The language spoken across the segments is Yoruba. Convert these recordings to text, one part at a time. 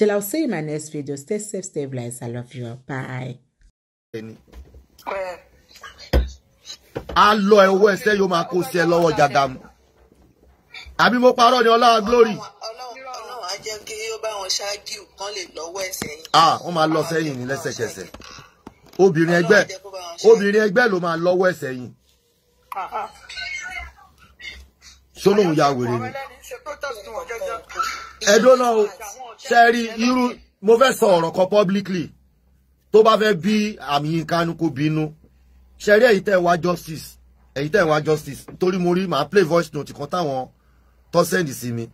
Till I'll see you in my next video. Stay safe, stay blessed. I love you. Bye. A lọ ẹ̀wọ́ ẹsẹ̀ yóò máa kó sí ẹ lọ́wọ́ jàdàmù. mo parọ́ ni ọlá glory. Ah, o ma kí ó bá wọn kese. kan lè lọ́wọ́ ẹsẹ̀ yìí. À wọ́n máa lọ sẹ́yìn ní lẹ́sẹ̀kẹsẹ̀. Obìnrin ẹgbẹ́ obìnrin ẹgbẹ́ ló máa lọ́wọ́ ẹ̀dọ́ náà o ṣẹ́rí irú mo fẹ́ sọ ọ̀rọ̀ kan publicly tó bá fẹ́ bí àmì ìkanu kò bínú ṣẹ́rí ẹ̀yìn tẹ̀ wá justice ẹ̀yìn tẹ̀ wá justice torí mo rí màá play voice note kan táwọn tó sẹ́ndì sí mi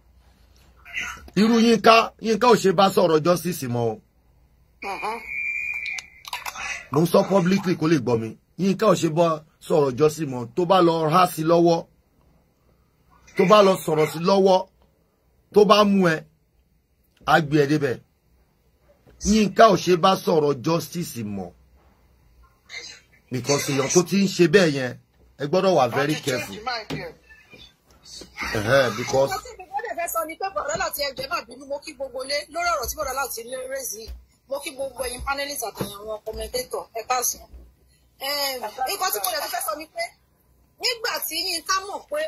irú Yínká Yínká ò ṣe bá sọ̀rọ̀ justice mọ́ o mo ń sọ publicly kó lè gbọ́ mi Yínká ò ṣe bá sọ̀rọ̀ justice mọ́ tó bá lọ há sí lọ́wọ́ tó bá lọ sọ̀rọ̀ sí lọ́wọ́ tó bá mú ẹ á gbé Yínká ò bá sọ̀rọ̀ justice mọ́ because èèyàn tó ti ń ṣe bẹ́ẹ̀ yẹn ẹ gbọ́dọ̀ wà very careful because sọ ni mo kí gbogbo lé panelist àtàwọn kọmẹtẹ́tọ̀ ẹ káàsán. nǹkan tí mo lè fẹ́ sọ ni pé nígbà tí Yínká mọ̀ pé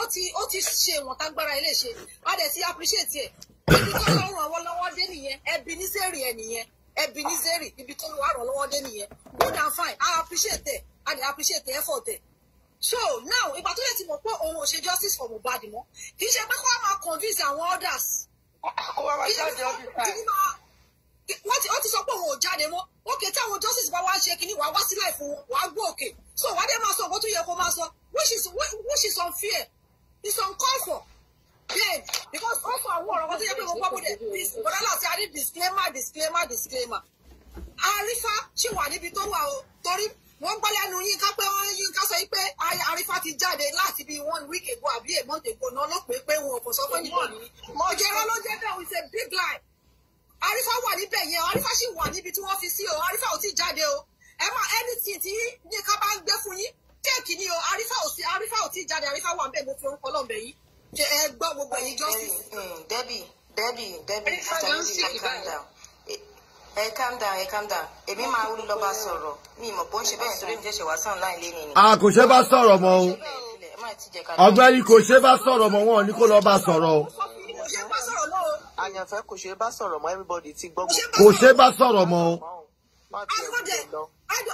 ó ti ṣe ìwọ̀n tágbára ilé ṣe wá dẹ̀ ti appreciate ẹ̀ ibi tó lọ ràn wọ́n lọ́wọ́ dé nìyẹn ẹbí ní sẹ́rì ẹ̀ nìyẹn ẹbí ní sẹ́rì ibi tó lọ ràn lọ́wọ́ dé nìyẹn good and fine I appreciate ẹ̀ I appreciate ẹ̀ effort ẹ̀ so now ìgbà tó yẹ ti mọ̀ pé òun ò ṣe justice for Mohbad mọ́ kì í ṣe pé kó wá máa convince àwọn others kó wá máa ṣáàjì ọdún wọ́n ti sọ pé òun ò jáde mọ́ òkè táwọn justice bá wá ṣe kínní wàá wá sí láìfún wọn wàá gbọ́ òkè so wàá dé máa sọ nǹkan tó yẹ kó máa sọ which is which is unfair it's uncalled for then because ó sọ àwọn ọ̀rọ̀ kan tó yẹ pé mo gbọ́ bóde bọ̀dá láti àrí disclaimer disclaimer disclaimer àrífà ṣì wà níbi tó wà o torí wọ́n gbọ́ lẹ́nu yín ká pé wọ́n yín ká sọ pé àrífà ti jáde láti bí one week ago àbí a month ago náà ló pé pé wọn kò sọ pé nìkan ni ọjọ́rọ́ ló jẹ́ bẹ́ẹ̀ it's a big lie àrífà wà níbẹ̀ yẹn àrífà ṣì wà níbi tí wọ́n fi sí o àrífà ò tí jáde o ẹ máa anything tí nìkan bá ń gbé fún yín kéèkì ni o arífà ò sí arífà ò tí jáde arífà wà ń mo fi orúkọ lọ́nbẹ̀ yìí ṣe ẹ gbọ́ gbogbo ẹ̀yin justice. Debbie Debbie Debbie Debbie calm down ẹ calm down ẹ calm down èmi máa ń lọ bá sọ̀rọ̀ mi mọ̀ bó ń ṣe bẹ́ẹ̀ sórí mi jẹ́ ṣe wá sàn láì lé mi a kò ṣe bá sọ̀rọ̀ mọ́ o ọ̀gbẹ́ni kò ṣe bá sọ̀rọ̀ mọ́ wọn ò ní kó lọ bá sọ̀rọ̀ o àyànfẹ́ kò ṣe bá sọ̀rọ̀ mọ́ everybody ti gbọ́. kò ṣe bá sọ̀rọ̀ mọ́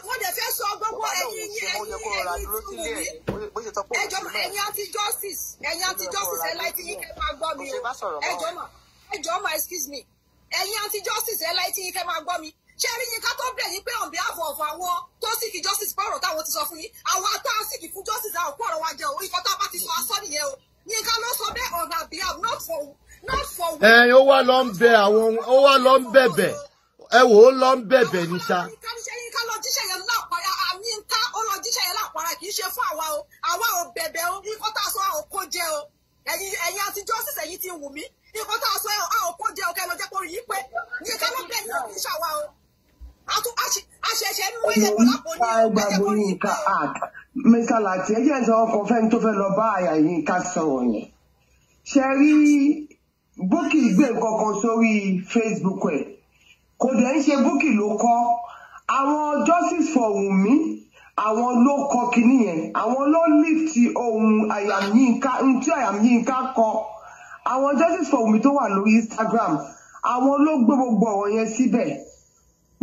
wọ́n dẹ̀ fẹ́ sọ gbogbo ẹ̀yin ẹ̀yin ẹ̀yin ìtumùbí ẹjọ́ mà ẹ̀yin anti justice ẹ̀yin anti justice ẹ̀ láì tí yín kẹ́ máa gbọ́ mi o ẹjọ́ mà ẹjọ́ mà excuse me ẹ̀yin anti justice ẹ̀ láì tí yín kẹ́ máa gbọ́ mi ṣé rí yín ká tó bẹ̀ yín pé on behalf of àwọn tó sìkì justice pọ̀rọ̀ táwọn ti sọ fún yín àwọn tá a sìkì fún justice àwọn pọ̀rọ̀ wa jẹ́ o ikọ̀ tá a bá ti sọ asọ́ nìyẹn o yín ká ló sọ bẹ́ẹ̀ on her behalf not for not for. ẹ ó wá lọ ń bẹ àwọn ó wá lọ ń bẹ̀bẹ̀ ẹ wò ó lọ ń bẹ̀bẹ̀ ní sáà àwa ò bẹ̀bẹ̀ o nǹkan tá a sọ a kó jẹ o ẹ̀yin àti justice ẹ̀yin ti wù mí nǹkan tá a sọ a kó jẹ o kẹ́ jẹ́ kó rí pé ní ló bẹ̀rẹ̀ ní ìṣàwá o àṣẹṣẹ ń mú ẹyẹ pọ̀ lápò ní ẹjẹ kó rí Lati ẹ jẹ́ sọ ọkọ̀ fẹ́ni tó fẹ́ lọ bá àyà yín ká sọ̀rọ̀ yẹn ṣe rí Bukky gbé nǹkan kan sórí Facebook ẹ̀ kò dẹ̀ ń ṣe Bukky ló kọ́ àwọn justice for Wunmi àwọn ló kọ kinní yẹn àwọn ló lift ohun àyàmyínká tí àyàmyínká kọ àwọn justice for Wunmi tó wà lórí Instagram àwọn ló gbé gbogbo ọ̀rọ̀ yẹn síbẹ̀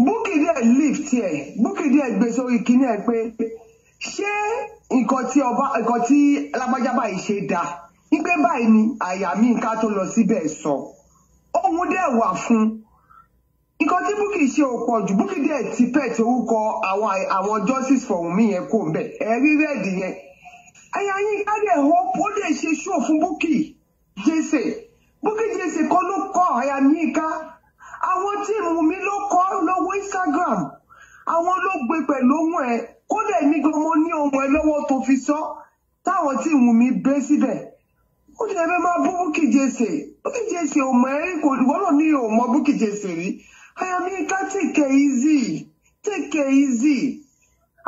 Bukky dẹ̀ lift ẹ̀ Bukky dẹ̀ gbé sórí kinní ẹ̀ pé ṣé nǹkan tí ọba nǹkan tí alágbájá báyìí ṣe dá wípé báyìí ni àyàmyínká tó lọ síbẹ̀ sọ ohun dẹ̀ wà fún un nǹkan tí Bukky ṣe ò pọ̀ jù Bukky dẹ̀ ti pẹ̀ tí orúkọ àwọn àwọn justice for Wunmi yẹn kò ń bẹ̀ ẹ̀rí rẹ́ẹ̀dì yẹn ẹ̀yà yín ká dẹ̀ hope ó dẹ̀ ṣe show fún Bukky Jesse Bukky Jesse kọ́ ló kọ́ ẹ̀yà yín ká àwọn tíìmù mi ló kọ́ lọ́wọ́ Instagram àwọn ló gbé pẹ̀lú ohun ẹ̀ kódà ní gan mo ní ohun ẹ̀ lọ́wọ́ tó fi sọ táwọn tíìmù mi bẹ́ síbẹ̀ ó ti ẹ̀fẹ́ máa bú Bukky Jesse Bukky Jesse ò mọ̀ ẹ́ rí kò ìwọ́n náà ní ò mọ̀ Bukky Jesse rí Ọ̀yọ̀míkà take it easy take it easy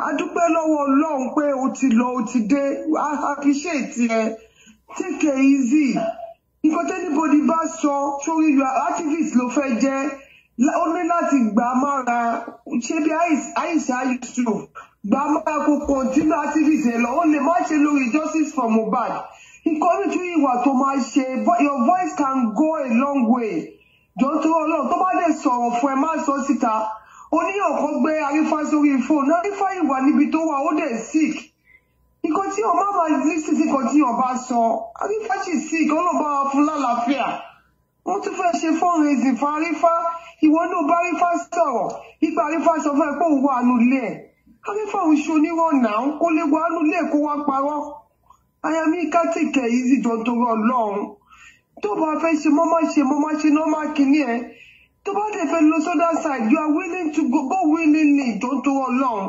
adúpẹ́ lọ́wọ́ Ọlọ́run pé o ti lọ o ti dé I appreciate ẹ take it easy nǹkan tẹ́nibodì bá sọ sórí yọ activist ló fẹ́ jẹ́ ó ní láti gbà mára ṣé bí Aisha Yusuf gbà mára kó kọ̀ǹtínú activist ẹ̀ lọ ó lè má ṣe lórí justice for Mohbad nǹkan nítorí ìwà tó máa ṣe your voice can go a long way jọ̀ọ́ tó ọlọ́run tó bá lè sọ̀rọ̀ fún ẹ má sọ síta oníyàn kan gbé arífá sórí fóònù arífá ìwà níbi tó wà ó dẹ̀ sick nǹkan tí ọba máa ní sísí kan tí ọba sọ arífá sì sick ọlọ́ba fún lálàáfíà wọ́n tún fẹ́ ṣe fundraising fún arífá ìwọ náà bá arífá sọ̀rọ̀ nípa arífá sọ fún ẹ pé òun wà nulẹ̀ arífá òun ṣe onírọ̀nà kó lè wà nulẹ̀ kó wá parọ́ ayami kátìkẹ̀ yìí sì jọ torí ọlọ́run tó bá fẹ́ ṣe mọ́ máa ṣe mọ́ máa ṣe náà máa kí ní ẹ tó bá dẹ̀ fẹ́ lọ sọ́dà side you are willing to go go willingly tó tó ọlọ́run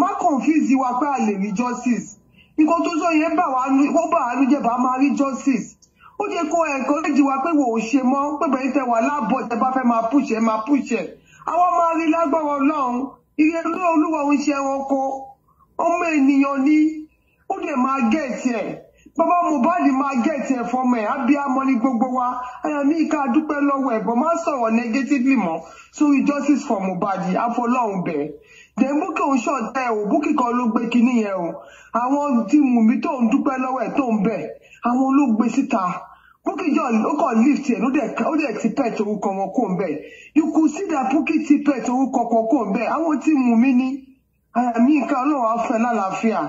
má confuse wa pé a lè rí justice nǹkan tó sọ yẹn bà wá ó bà wá lójẹ bá máa rí justice ó jẹ́ kó ẹ̀kọ́ léjì wa pé wò ó ṣe mọ́ pé bẹ̀rẹ̀ tẹ wà láàbọ̀ tẹ bá fẹ́ máa pùṣẹ̀ máa pùṣẹ̀ àwa máa rí lágbára ọlọ́run ìyẹn ló olúwa ń ṣe ẹranko ọmọ ènìyàn ni ó dẹ̀ máa gẹ̀ẹ́sì ẹ̀ bàbá Mohbad máa gẹ̀ẹ́tì ẹ̀ fọmọ ẹ̀ abiyamọ ni gbogbo wa ẹ̀yàn mi ká dúpẹ́ lọ́wọ́ ẹ̀ bọ̀ máa sọ̀rọ̀ negatively mọ́ so justice for Mohbad afọlọ́hún bẹ́ẹ̀ then bókè òun ṣọ̀tẹ́ o bókè kan ló gbé kinní yẹn o àwọn tí Wùnmí tó ń dúpẹ́ lọ́wọ́ ẹ̀ tó ń bẹ̀ àwọn ló gbé síta bókè jọ ó kàn lift ẹ̀ ó dẹ̀ ti pẹ̀ tó orúkọ wọn kò ń bẹ̀ you could see that bókè ti pẹ̀ tó orúkọ kan kò ń bẹ̀ àwọn tí Wùnmí ni ẹ̀yàn mi ká ọlọ́run á fẹ́ lálàáfíà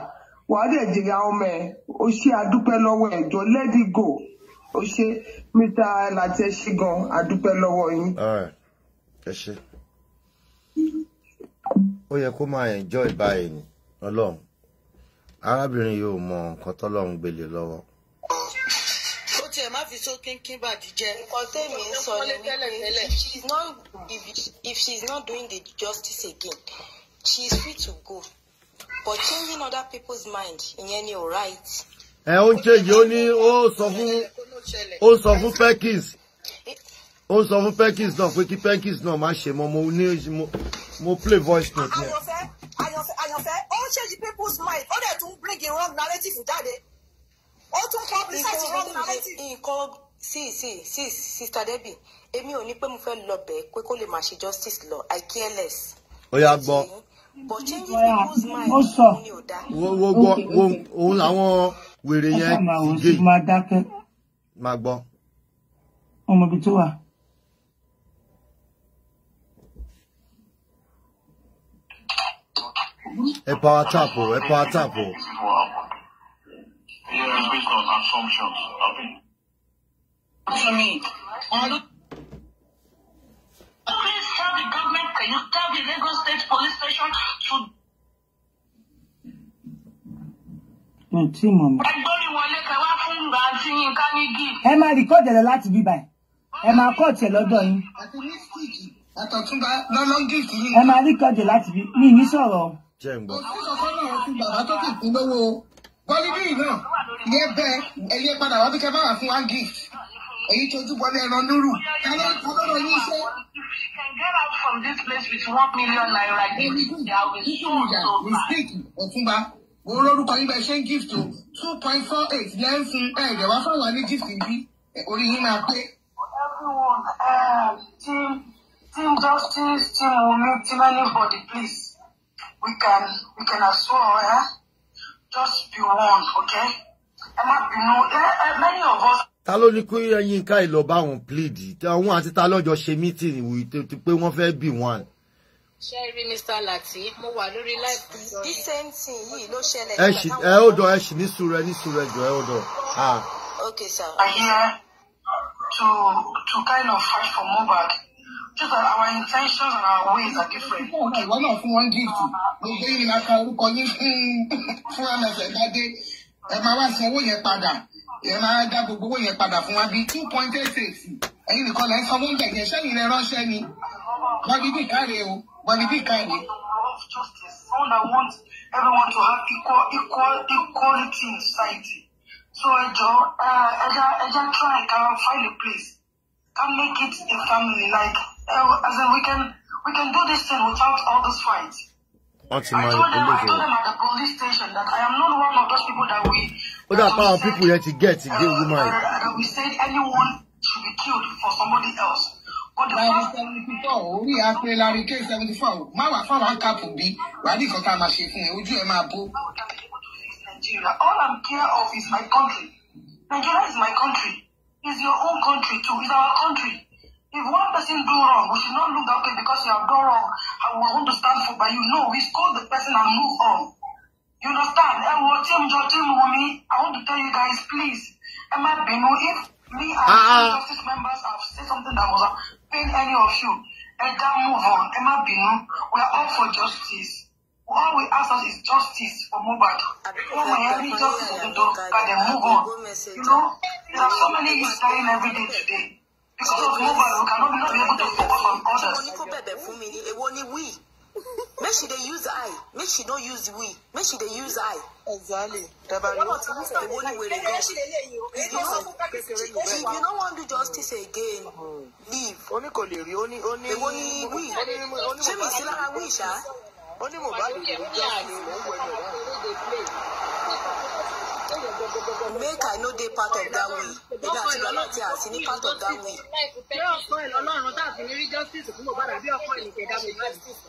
wàá dẹ̀ jìyà ọmọ ẹ̀ ó ṣe àdúpẹ́ lọ́wọ́ ẹ̀ jọ let it go ó ṣe mr latte àdúpẹ́ lọ́wọ́ yín. ẹ ṣe ó yẹ kó máa enjoy báyìí ni ọlọ́run arábìnrin yóò mọ nǹkan tọ́lọ́run gbélé lọ́wọ́ tiẹ̀ má fi so kínkín bàdíjẹ́. nǹkan tèmi ń sọ ni wípé if she is not doing the justice again she is free to go. For changing other people's mind in any right. ẹ ó ń ṣèjì ó ní ó sọ fún ó sọ fún Perkins ó sọ fún Perkins náà pé kí Perkins náà má ṣe mọ mo ní mo play voice note yẹn. àyànfẹ́ àyànfẹ́ ó ń ṣèjì people's mind ó dẹ̀ tún bring in wrong narrative jáde ó tún publicize wrong narrative. nǹkan sí sí sí sister Debbie èmi ò ní pé mo fẹ́ lọ bẹ̀ẹ́ pé kó lè máa ṣe justice lọ I care less. ó yá gbọ́ but changing people's mind ní ọ̀dà. òun làwọn wèrè yẹn ti gé máa gbọ́. ọmọ ibi tó wà. ẹ power tap o ẹ power tap o. Yeah, based on assumptions. I think. For me, on the tell the government, can you tell the Lagos State Police Station to. mi tí mọ̀ mọ́. ẹgbẹ́ mi wọlé kẹ wá fún ìgbà tí yín ká ní gí. ẹ máa rìkọ́ọ̀dì ẹ̀ láti bí báyìí ẹ máa kọ́ọ̀tì ẹ̀ lọ́dọ̀ yín. àti ní stíìkì àtọ̀túnba lọ́lọ́gìtì yìí. ẹ máa rìkọ́ọ̀dì láti bí mi ní sọ̀rọ̀. jẹ́ ń gbọ́. òfin ọ̀kọ́ náà fún bàbá tó kì í pín lówó bọ́lídì náà yẹ bẹ ẹyẹ padà wá bí kẹ bá wà fún one gift èyí tó dúbọ lẹ́ẹ̀rọ nírù kálọ́ get out from this place with one million naira gift that will soon so bad. mo lórúkọ yín bẹ ṣe ń gift o two point four eight ní ẹ ń fún ẹ ẹ̀jẹ̀ wá fáwọn ní gift yìí orí yín máa pé. everyone eh, team team justice team wunmi team anybody please we can we can assure eh? just be one okay ẹ má bínú eh, eh, many of us ta ló ní kí Yínká ìlọ bá wọn pléèdì àwọn àti ta lọ́jọ́ ṣe mítìrì wí pé wọ́n fẹ́ bì wọ́n. ṣe rí Mr. Lati mo wà lórí láìpẹ́ dísẹ́ǹtì yìí ló ṣẹlẹ̀. ẹ ṣì ẹ ó dọ ẹ ṣì ní sùúrù ní sùúrù jọ ẹ ó dọ. okay sir. I hear. to to kind of fight for Mohbad just that our intentions and our ways are different. okay wọn náà fún wọn gift gbogbo yìí ní aka orúkọ yín fún fún ms ẹgbàdé ẹ máa wá sanwó yẹn padà ẹ máa dá gbogbo owó yẹn padà fún wa bíi two point eight eight ẹ̀yin nìkan lẹ́ sanwó ń bẹ̀ sẹ́yìn rẹ ránṣẹ́ ni wọ́n bí káre o wọ́n bí káre. All I want everyone to have equal, equal, equality in society. So ẹ jọ ẹ jẹ́ ẹ jẹ́ try ká find a place ká make it a family like uh, as in we can we can do this thing without all this fight that people to wọ́n ti máa olóògbé wọn. ó dà pa àwọn pípù yẹn ti gẹ̀ẹ́tì gé uh, woman yìí. Láàrin seventy four orí apẹ̀ láàrin K seventy four má wàá fáwọn àǹkàpù bí wàá ní nǹkan tá a máa ṣe fún ẹ ojú ẹ máa Nigeria. All I'm care of is my country. Nigeria is my country. It's your own country too. It's our country. If mm, one person do wrong, we should not look at okay because you have done wrong. I will want to stand for by you. No, we scold the person and move on. You understand? I want him, Georgine, Wumi. want to tell you guys, please. Emma Benu, if me and uh-uh. justice members have said something that was pain any of you, Edda, move on. Emma Benu, we are all for justice. All we ask us is justice for Mubad. All my heavenly justice for the dog, and then move on. You know, there are so many youths dying every day today. Ṣé mo ní kó bẹ̀bẹ̀ fún mi ni? Èwo ni we? Make she dey use I. Make she no use we. Make she dey use I. Exactly. Dabari o ti wúta èwo ni wèrè gan. If you no wan do justice again, leave. Ó ní kò lè rí. Ó ní ó ní. Èwo ni we? Ṣé mi sí lára we ṣá? Ó ní Mohbad kò rí jáde. Ó ń wẹ̀lẹ̀ rẹ̀ make i no dey part of that way nígbà tí lọ́lá tí a sí ní part of that way. ṣé ọkọ ẹ lọ́lọ́run tá a fi ní rí justice fún Mohbad àbí ọkọ ẹ nìkẹ́ dá mi justice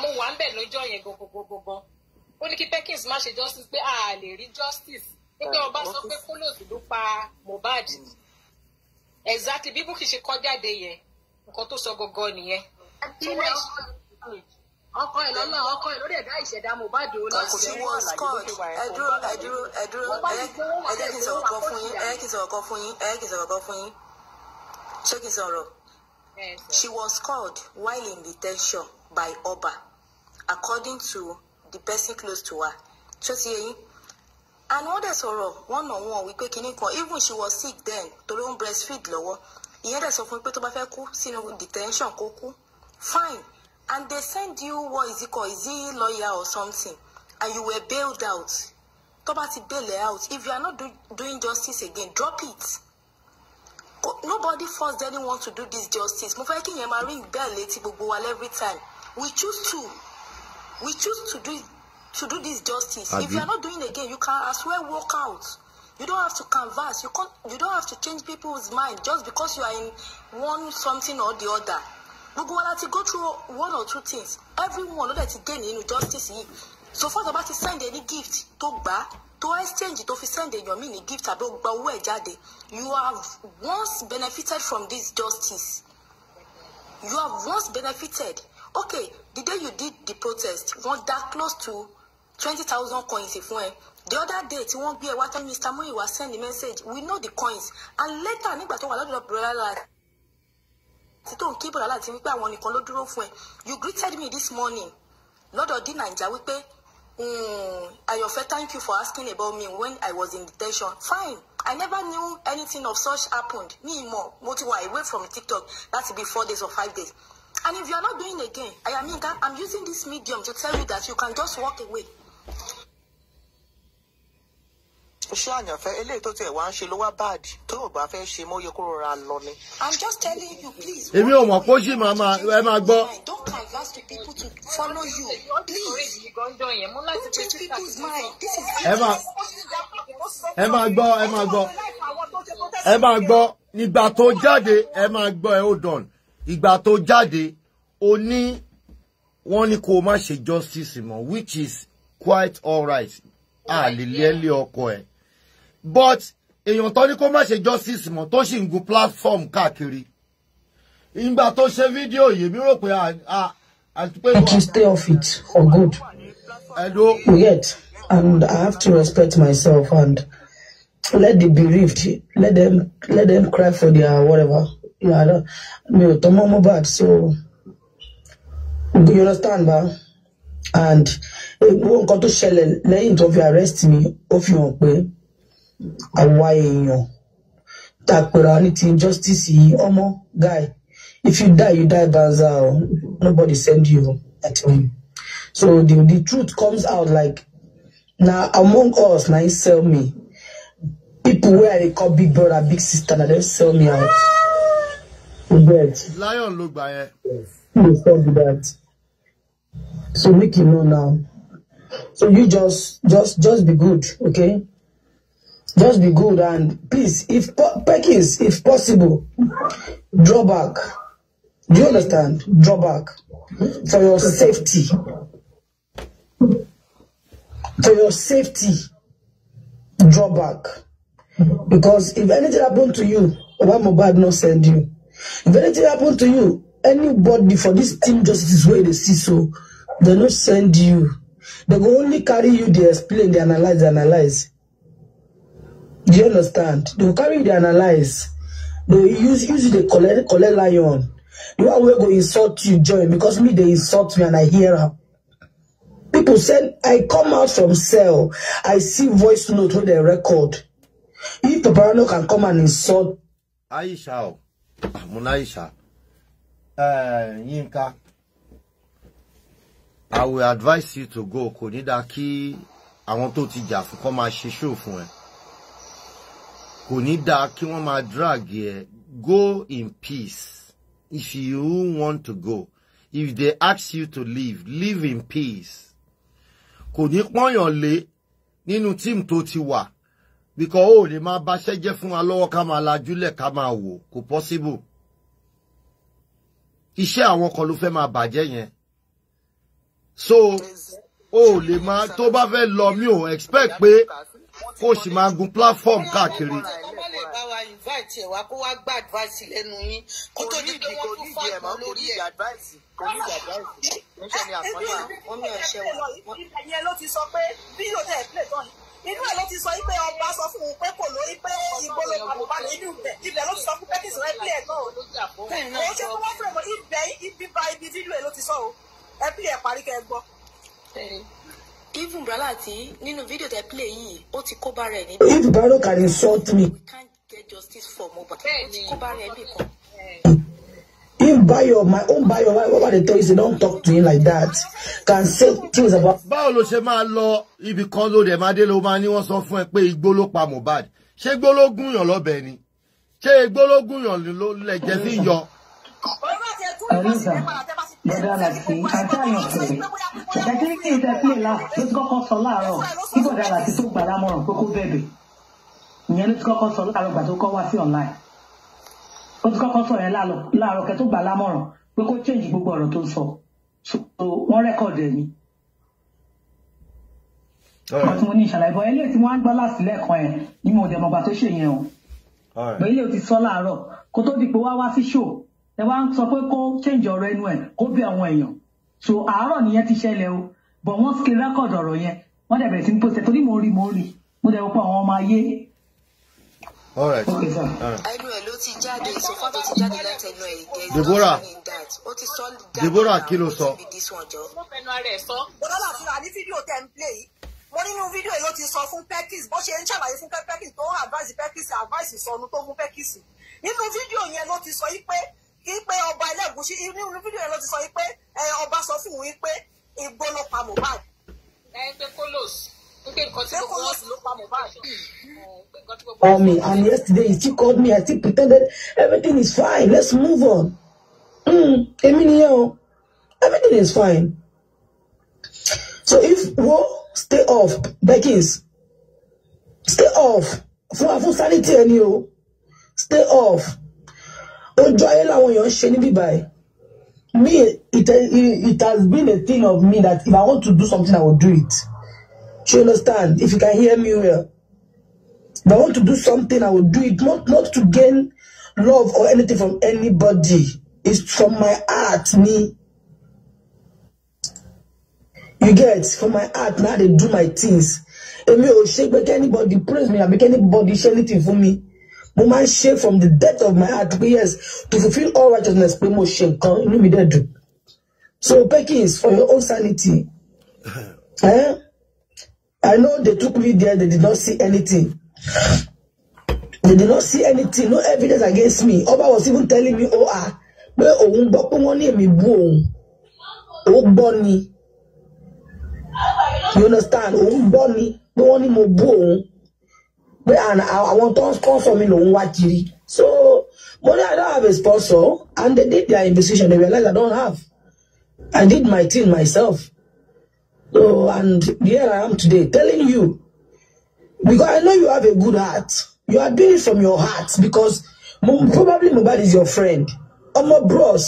ń bẹ̀ lọ́jọ́ yẹn gbogbogbogbogbò ó ní kí Perkins má ṣe justice pé a lè rí justice nígbà ọba sọ pé kólóòtú ló pa Mohbad exactly bí Bukky ṣe kọ́ jáde yẹn nǹkan tó sọ gọ́gọ́ nìyẹn ọkọ ẹ lọlọ ọkọ ẹ lórí ẹ̀dá ìṣẹ̀dá Mohbad olóògbé kò sí wọn scott ẹdúró ẹdúró ẹdúró ẹ jẹ́ kí n sọ̀rọ̀ kan fún yín ẹ jẹ́ kí n sọ̀rọ̀ kan fún yín ẹ jẹ́ kí n sọ̀rọ̀ kan fún yín ṣé kí n sọ̀rọ̀ she was called while in detention by Oba according to the person close to her ṣó ti yẹ yín and wọ́n dẹ̀ sọ̀rọ̀ wọ́n nà wọ́n wípé kinní kan even she was sick then torí ó ń breastfeed lọ́wọ́ ìyẹn dẹ̀ sọ fún mi pé tó bá fẹ́ kú sínú detention kó kú fine and they send you what is it called is he lawyer or something and you were bailed out tó bá ti bail out if you are not do, doing justice again drop it nobody forced anyone to do this justice mo fẹ́ kí yẹn máa ring bell létí gbogbo wa every time we choose to we choose to do to do this justice Abi. if you are not doing again you can as well walk out you don't have to converse. you, can't, you don't have to change people's mind just because you are in one something or the other gbogbo wa la ti go through one or two things everyone ló dẹ̀ ti gain nínú justice yìí so fọ́tọ̀ bá ti send any gift tó gbà á tó exchange tó fi send èèyàn míì ní gift àbí ó gba owó ẹ̀ jáde you have once benefited from this justice you have once benefited okay the day you did the protest wọ́n dá close to twenty thousand coins fún ẹ the other day tí wọ́n gbé ẹ wá tẹ́ mr muyiwa send the message we know the coins and later nígbà tó wà lọ́dọ̀ brother lára tí kí bùrọ̀lá ti wípé àwọn nìkan ló dúró fún ẹ you greeted me this morning lọ́dọ̀ dín nàìjà wípé hmm, ayọ̀fẹ́ thank you for asking about me when I was in detention fine I never knew anything of such happened me mọ̀ mo ti wà away from TikTok that be four days or five days and if you are not doing again I am I'm using this medium to tell you that you can just walk away ṣé àyànfẹ́ eléyìí tó tiẹ̀ wá ń ṣe ló wá báàdì tó ò bá fẹ́ ṣe mọ́ yẹ kó rọra lọ ni. i'm just telling you please. èmi ò mọ̀ pé ó ṣì máa ma ẹ máa gbọ́. don't converse with people to follow you please. don't change people's mind this is. ẹ máa ẹ máa gbọ́ ẹ máa gbọ́ ẹ máa gbọ́ ìgbà tó jáde ẹ máa gbọ́ ẹ ó dàn ìgbà tó jáde ó ní wọ́n ní kó o má ṣe justice mọ́ which is quite alright a lè lé ẹ lé ọkọ ẹ but èèyàn tó ní kó má ṣe justice mọ́ tó sì ń gun platform káàkiri ìgbà tó ṣe fídíò yìí mi rò pé that you stay off it for good you get and I have to respect myself and let the bereaved let them let them cry for their whatever you know mi ò tọ́ mọ́ Mohbad so you understand ba and eh, gbogbo nǹkan tó ṣẹlẹ̀ lẹ́yìn tó fi arrest mi ó fi hàn pé àwa èèyàn tá a pera ní ti justice yìí ọmọ guy if you die you die banza o nobody send you i tell you so the the truth comes out like na among us na him sell me people wey i dey call big brother big sister na dem sell me out you get. lion ló gbà yẹn. who dey sell you that so make you know now so you just just just be good okay. Just be good and peace. if Perkins, if possible, draw back. Do you understand? Draw back for your safety. For your safety, draw back. Because if anything happened to you, Obama bad not send you. If anything happened to you, anybody for this team justice way they see so, they not send you. They go only carry you, they explain, they analyze, they analyze. Do you understand? They carry the analyze. They use use the collect collect lion. The one wey go insult you join because me dey insult me and I hear am. People send I come out from cell, I see voice note wey dey record. If Paparano can come and insult Aisha o, ah, Muna Aisha, eh, Yinka, I will advise you to go kò ní dá kí àwọn tó ti jà fún kọ́ máa ṣe ṣó fún ẹ kò ní dáa kí wọ́n máa drag ẹ go in peace if you want to go if they ask you to leave leave in peace kò ní pọ́nyàn lé nínú tíìmù tó ti wà bíkọ́ ó lè máa báṣẹ́ jẹ́ fún wa lọ́wọ́ ká máa lajúlẹ̀ ká máa wò kò pọ́síbù iṣẹ́ àwọn kan ló fẹ́ máa bàjẹ́ yẹn so o lè máa tó bá fẹ́ lọ mi ò expect pé kó o sì máa gun platform káàkiri. inú ẹ̀ ló ti sọ pé ọba sọ fún un pé kò lórí pé ìbò ló kà bùbá ní inú ibẹ̀ ibẹ̀ ló ti sọ fún pẹ́kìsì rẹ̀ pílẹ̀ náà kò ṣe fún wọn fún ẹ̀ mọ́ ibi ba ibi dídú ẹ̀ ló ti sọ o ẹ pílẹ̀ parí kẹ́ ẹ gbọ́ even brala tí nínú fídíò tẹ play yìí ó ti kó bára ẹ if Baro can insult me. we can't get justice for Mohbad ó ti kó bára ẹ nìkan. if Bayo my own Bayo why why the toys, you say talk to him like that can say things about. báwo ló ṣe máa lọ ibì kan lórí ẹ̀ máa dé ló máa ní wọ́n sọ fún ẹ pé igbó ló pa Mohbad ṣé igbó ló gún yàn lọ́bẹ̀ ni ṣé igbó ló gún yàn lẹ́jẹ̀ sí yọ. ọ̀rọ̀ ìgbà lọ́dọ̀ àlàtì àti àyànfẹ́ ṣàkẹ́kẹ́ ní ìta pílẹ̀ là ló ti kọ́kọ́ sọ láàárọ̀ kí bọ̀dọ̀ tó gbà lámọ̀ràn pé bẹ̀bẹ̀ ìyẹn ló ti kọ́kọ́ sọ láàárọ̀ gbà tó kọ́ wá sí online ó ti kọ́kọ́ sọ yẹn láàárọ̀ kẹ́ tó gbà lámọ̀ràn pé kó change gbogbo ọ̀rọ̀ tó ń sọ so wọ́n rẹ́kọ̀dù ẹ̀ ni. ọtí mo ní ìṣàlàyé bọ eléyìí tí wọn á gbọ́ ẹ wá ń sọ pé kó change ọ̀rọ̀ ẹnu ẹ kó bí àwọn èèyàn so àárọ̀ nìyẹn ti ṣẹlẹ̀ o but wọ́n ké record ọ̀rọ̀ yẹn wọ́n dẹ̀ sí ní post torí mo rí mo rí mo dẹ̀ wọ́n àwọn ọmọ ayé. ẹnu ẹ ló ti jáde ìsọfọ tó ti jáde látẹnu ẹ ìgẹ Deborah Deborah kí ló sọ. mo fẹnu ara ẹ sọ. mo lọ́la fún wa ní fídíò tẹ́ yìí mo nínú fídíò yìí ló ti sọ fún Perkins bó ṣe ń ṣàlàyé fún Perkins tó ń advice Perkins advice sọnù tó fún Perkins nínú fídíò yẹn ló ti sọ yìí pé ipe ọba Ẹlẹ́gùṣì nínú fídíò yẹn ló ti sọ pé ọba sọ fún òun pé ìgbóná pa Mohbad. ẹ pé kólòs pé mm. nǹkan Call me and yesterday she called me I still pretended everything is fine let's move on. Mm, èmi nìyẹn o everything is fine. So if wo stay off Beckins stay off fún afúnsáni tí ẹni o stay off ojú ayé làwọn èèyàn ń ṣe níbí báyìí me it, it it has been a thing of me that if I want to do something I will do it do you understand if you can hear me well if I want to do something I will do it not not to gain love or anything from anybody it's from my heart me. you get from my heart na I dey do my things èmi ò ṣe pé kí anybody praise me àbí kí anybody ṣe anything for me mo máa ń ṣe from the depth of my heart pé yes to fulfil all righteousness pé mo ṣe nǹkan inú mi dẹ̀ dùn so Perkins for your own sanity eh? I know they took me there they did not see anything they did not see anything no evidence against me ọba was even telling me oh ah pé òun gbọ́ pé wọ́n ní èmi bú òun òun gbọ́ ni you understand òun gbọ́ ni pé wọ́n ní mo bú òun pé àwọn tó ń sponsor mi lòún wá kiri so mo I don't have a sponsor and they did their investigation they realized I don't have I did my thing myself so and here I am today telling you because I know you have a good heart you are doing it from your heart because probably Mohbad is your friend omo bros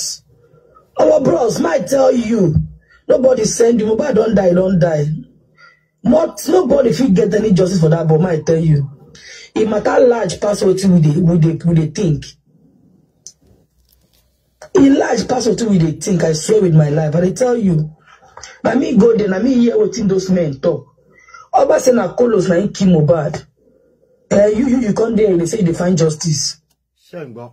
omo bros might tell you nobody send you Mohbad don die don die not nobody fit get any justice for that but might tell you e matter large pass wetin we dey we dey we dey think e large pass wetin we dey think i swear with my life i dey tell you na me go there na me hear wetin those men talk oba say na kolos na him kill mohbad eh you you you come there and dey say you dey find justice. ṣé ń gbọ́.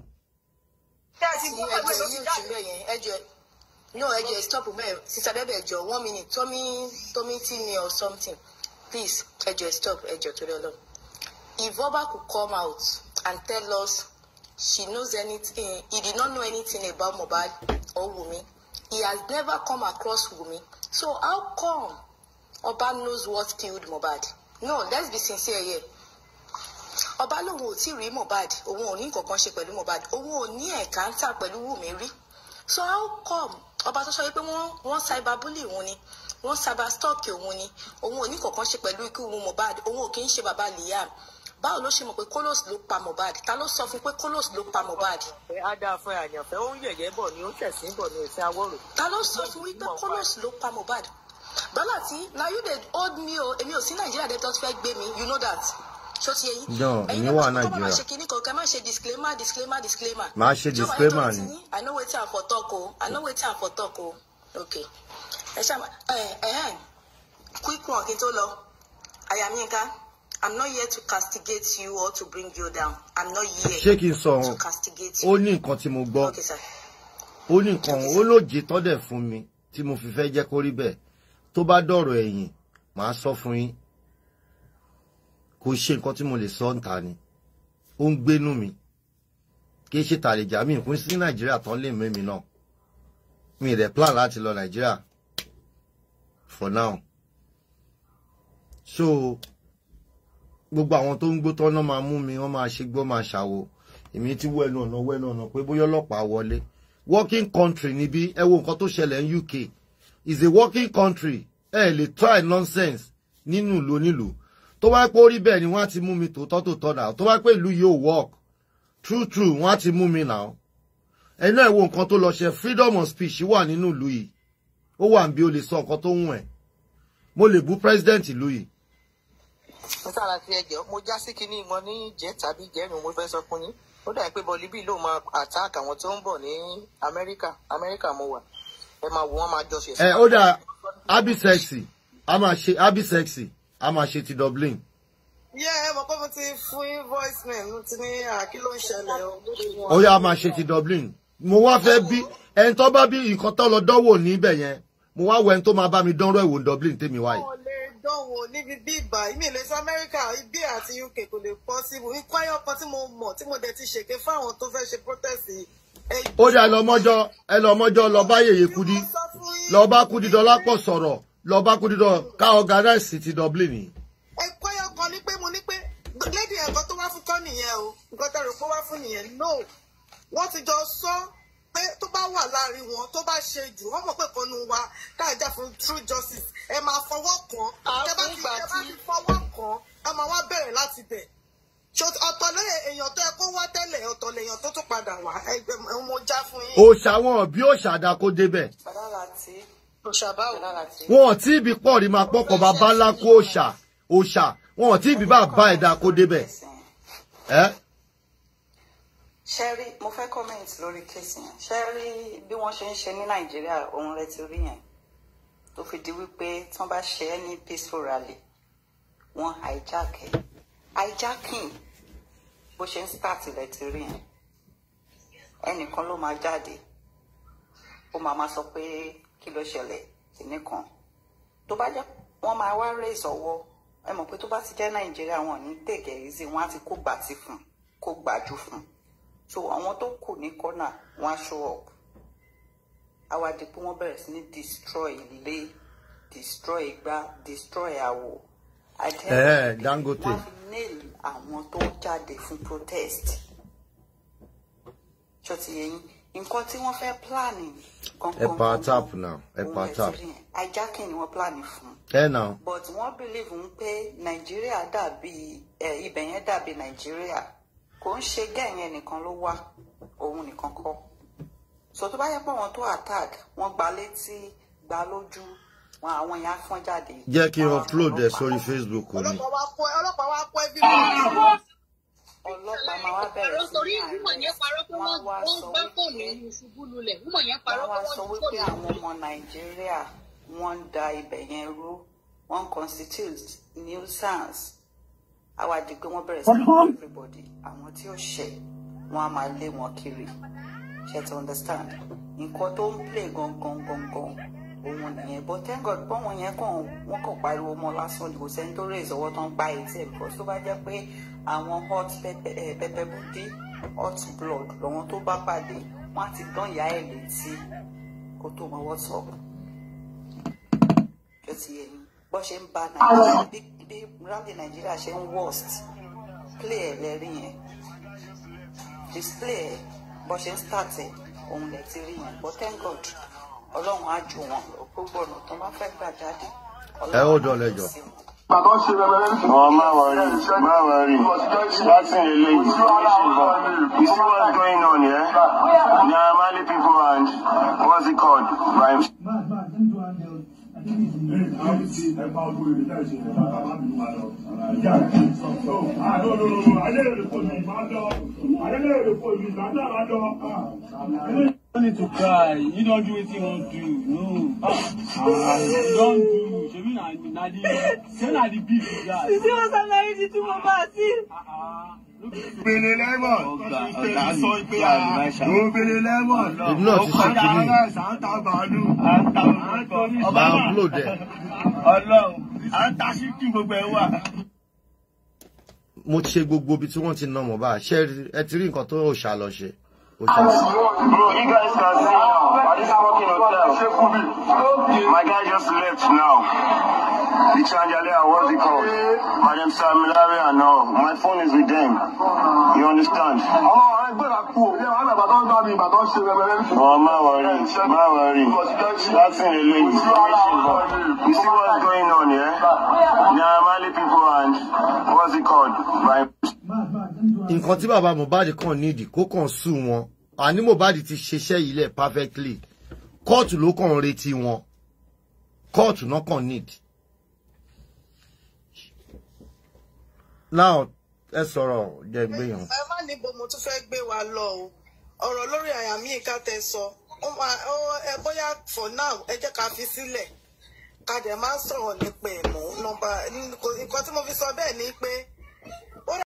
no stop mẹ sista one minute tommy tommy tell me or something please ẹjọ stop ẹjọ torí If Boba could come out and tell us she knows anything, he did not know anything about Mohbad or Wunmi. He has never come across Wunmi. So how come Oba knows what killed Mohbad? No, let's be sincere here. Ọba lòun ò tí rí Mobad. òun ò ní nǹkan ṣe pẹ̀lú Mohbad, òun ò ní ẹ̀ka ń tà pẹ̀lú So how come ọba tó sọ wípé wọ́n cyberbully òun ni? wọ́n cyberstalk òun ni òun ò ní kankan ṣe pẹ̀lú ikú Mohbad òun ò kì í Liam báwo ló ṣe mọ̀ pé kolos ló pa Mohbad ta ló sọ fún pé kolos ló pa Mohbad. ada fún àyànfẹ́ ó ń yẹ̀yẹ́ bọ̀ ni ó tẹ̀sí bọ̀ ni ìfẹ́ awọ́rò. ta ló sọ fún wípé kolos ló pa Mohbad bọ́lá tí na dey hold me o èmi ò sí nàìjíríà dẹ́tọ́ fẹ́ gbé mi you know that ṣó ti yẹyin. jọ èmi wà nàìjíríà ẹyin náà ṣe kíní kan ká ṣe disclaimer disclaimer disclaimer. máa ṣe disclaimer ni. i ẹ I'm not here to castigate you or to bring you down. I'm not here Ṣé kí n sọ to castigate you. Ó ní nǹkan tí mo gbọ́. Okay, sir. Ó ní nǹkan ó lóje tọ́dẹ̀ fún mi tí mo fi fẹ́ jẹ́ kó rí bẹ́ẹ̀. Tó bá dọ̀rọ̀ ẹ̀yìn, màá sọ fún yín. Kò ṣe nǹkan tí mo lè sọ ń ta ni. Ó ń gbénú mi. Kì í ṣe tàlejò àmì ìkún sí Nàìjíríà tán lè mẹ́mi náà. Mi rẹ̀ plan láti lọ Nàìjíríà for now. So gbogbo àwọn tó ń gbó tán máa mú mi wọ́n máa ṣe gbọ́ máa ṣàwo èmi ti wọ ẹnu ọ̀nà wọ ẹnu ọ̀nà pé bóyá ọlọ́pàá wọlé working country níbí ẹ wo nǹkan tó ṣẹlẹ̀ ní UK is a working country ẹ lè try nonsense nínú ìlú onílùú tó bá pé orí bẹ́ẹ̀ ni wọ́n á ti mú mi tòótọ́ tòótọ́ náà tó bá pé ìlú yóò work true true wọ́n á ti mú mi náà ẹnu ẹ wo nǹkan tó lọ ṣe freedom of speech wà nínú ìlú yìí ó wà níbi o lè sọ nǹkan tó ń wẹ̀ mo lè bú president ìlú yìí n sára ti ẹjọ mo já sí kinní mo ní jẹ tàbí jẹnu mo fẹ́ sọ fún yín ó dà pé bọlíbì ló máa attack àwọn tó ń bọ̀ ní amẹ́ríkà amẹ́ríkà mo wà ẹ máa wò wọ́n máa jọ ṣe. ẹ ó dà abi sexy a máa ṣe abi sexy a máa ṣe ti dublin. yẹ ẹ mọ̀ pé mo ti fún yín voice mail mo ti ní àkí ló ń ṣẹlẹ̀ o. ó yá a máa ṣe ti dublin mo wá fẹ́ bí ẹni tó bá bí nǹkan tó lọ dánwò níbẹ̀ yẹn mo wá wọ ẹni tó máa bá mi dánwò ẹ̀wò dublin tèmi wáyé dánwò níbi bí ìgbà mi lè sọ amẹ́ríkà ibi àti uk kò lè pọ́ sí mi ikú ayé tí mo mọ̀ tí mo dẹ̀ ti ṣèké fáwọn tó fẹ́ ṣe protest ó dà ẹ lọ mọjọ ẹ lọ mọjọ lọ bá yèyè kudi lọ bá kudi dọlá pọ sọ̀rọ̀ lọ bá kudi dọ ká organize ti dublin ni. ẹ kọ́ yọ kan ní pé mo ní pé lédi ẹ̀kọ́ tó wá fún kọ́ nìyẹn o nǹkan tẹ̀rù pé wá fún nìyẹn no wọ́n ti jọ sọ pé tó bá wà láàrin wọn tó bá ṣe jù wọ́n mọ̀ pé kan nu wa káàjà fún true justice ẹ máa fọwọ́ kàn ẹ ẹ bá ti fọwọ́ kàn ẹ máa wá bẹ̀rẹ̀ láti bẹ̀ ọ̀tọ̀ lẹ́yìn èèyàn tó yẹ kó wá tẹ́lẹ̀ ọ̀tọ̀ lẹ́yìn tó tún padà wá ẹgbẹ́ mo já fún yín. òòṣà bí òòṣà dákó débẹ̀. wọn ò tí ibi pọ̀ rí máa pọ̀kọ̀ bàbá ńlá kó òòṣà òòṣà wọn ò tí ibi bá bá ẹ̀dá kó débẹ̀. Sherry, mo fẹ́ comment lórí kéèsì yẹn ṣẹ́rí bí wọ́n ṣe ń ṣe ní nàìjíríà òun rẹ ti rí yẹn tó fi di wípé tí wọ́n bá ṣe é ní peaceful rally wọ́n hijack ẹ̀ hijacking bó ṣe ń start rẹ ti rí yẹn ẹnìkan ló máa jáde ó máa máa sọ pé kí ló ṣẹlẹ̀ kìíní kan tó bá jẹ́ wọ́n máa wá raise ọwọ́ ẹ mọ̀ pé tó bá ti jẹ́ nàìjíríà wọn ò ní tègẹ̀ easy wọ́n á ti kó gbàtí fún kó gbàjú fún un so àwọn tó kù ní kọ́nà wọ́n show up àwa di pé wọ́n bẹ̀rẹ̀ sí ní destroy ilé destroy igbá destroy àwò eh, Dangote wọ́n fi nail àwọn tó jáde fún protest ṣọtí yẹn nǹkan tí wọ́n fẹ́ plan kankan ẹ̀pà tap now ẹ̀pà tap ajákin ni wọ́n plan fún eh, but wọ́n believe ń pé nàìjíríà dàbí eh, ibẹ̀ yẹn dàbí nàìjíríà kò ń ṣe gẹ́yìn nìkan ló wá òun nìkan kọ́ so tó bá yẹ pé wọn tó attack wọn gba létí gba lójú wọn àwọn yẹn á fọ́n jáde. jẹ́ kí n upload ẹ̀ sórí Facebook mi. ọlọ́pàá wa kọ́ ẹbí mi ọlọ́pàá máa wá bẹ̀rẹ̀ sí ní àná wọ́n wá sọ wípé wọ́n wá sọ wípé àwọn ọmọ Nàìjíríà wọ́n da ibẹ̀ yẹn rú wọ́n constitute nuisance àwa di pé wọ́n bẹ̀rẹ̀ sí everybody àwọn tí ó ṣẹ̀ wọ́n á máa lé wọn kiri ṣe to understand nǹkan tó ń play gangan gangan òun nìyẹn but thank God pé yẹn kàn wọ́n kàn pariwo mọ́ lásán kò sẹ́ni tó raise ọwọ́ tó ń pa ètí because tó bá jẹ́ pé àwọn hot pepper eh, budi hot blood lọ́wọ́n tó bá pàdé wọ́n á ti dán ìyá ẹ̀ létí kó tó mọ what's up bó ṣe ń ba nàìjíríà bí rally nàìjíríà ṣe ń worst play ẹ̀ lẹ́rí yẹn display ẹ̀ bó ṣe ń start ẹ̀ òun lẹ̀ ti rí yẹn but thank God ọlọ́run á jù wọn gbogbo ọ̀nà tó bá fẹ́ gbà jáde ọlọ́run á jù sí Bàbá ṣe rẹ̀rẹ̀ ní. máa wọrí, máa wọrí. Láti ilé yìí, you see what's going on here? Yeah? Naira Marley people and what's it called? By Ah, I ẹ̀fà ogun ah. You don't need to cry. You don't do anything you wan do. No. Ah, you don't do. She mean I'm not the say not the beef You see what I'm like? You too much. Ah ah. Obìnrin lẹ́wọ̀n ìṣèlú sọ pé a obìnrin lẹ́wọ̀n ọ̀kadà aláìsàn àtà bàálù àtà nítorí ọba ọlọ́run àtà síkì gbogbo ẹ̀ wà. Mo ṣe gbogbo ibi tí wọ́n ti nà Mohbad ṣé ẹ ti rí nǹkan tó ṣàlọ́ ṣe. What else? Bro, you guys can see now. At this fucking hotel, my guy just left now. Which Chanjalea, what's it called? Madam Samilari and all. My phone is with them. You understand? Oh, I'm don't my worry, my worry. That's in the link. You see what's going on, yeah? Now, Mali people and what's it called? My nǹkan tí bàbá Mohbad kàn need, kó kàn sù wọn àní Mohbad ti ṣiṣẹ́ ilẹ̀ perfectly kóòtù ló kàn ń retí wọn kóòtù náà need nídìí. now ẹ sọ̀rọ̀ jẹ́ gbé yàn. ẹ má níbo mo tún fẹ́ẹ́ gbé wa lọ o ọ̀rọ̀ lórí àyà mi ká tẹ sọ ẹ bóyá for now ẹ jẹ́ ká fi sílẹ̀ ká dẹ̀ máa sọ̀rọ̀ nípa ẹ̀ mọ́ nǹkan tí mo fi sọ bẹ́ẹ̀ ni pé.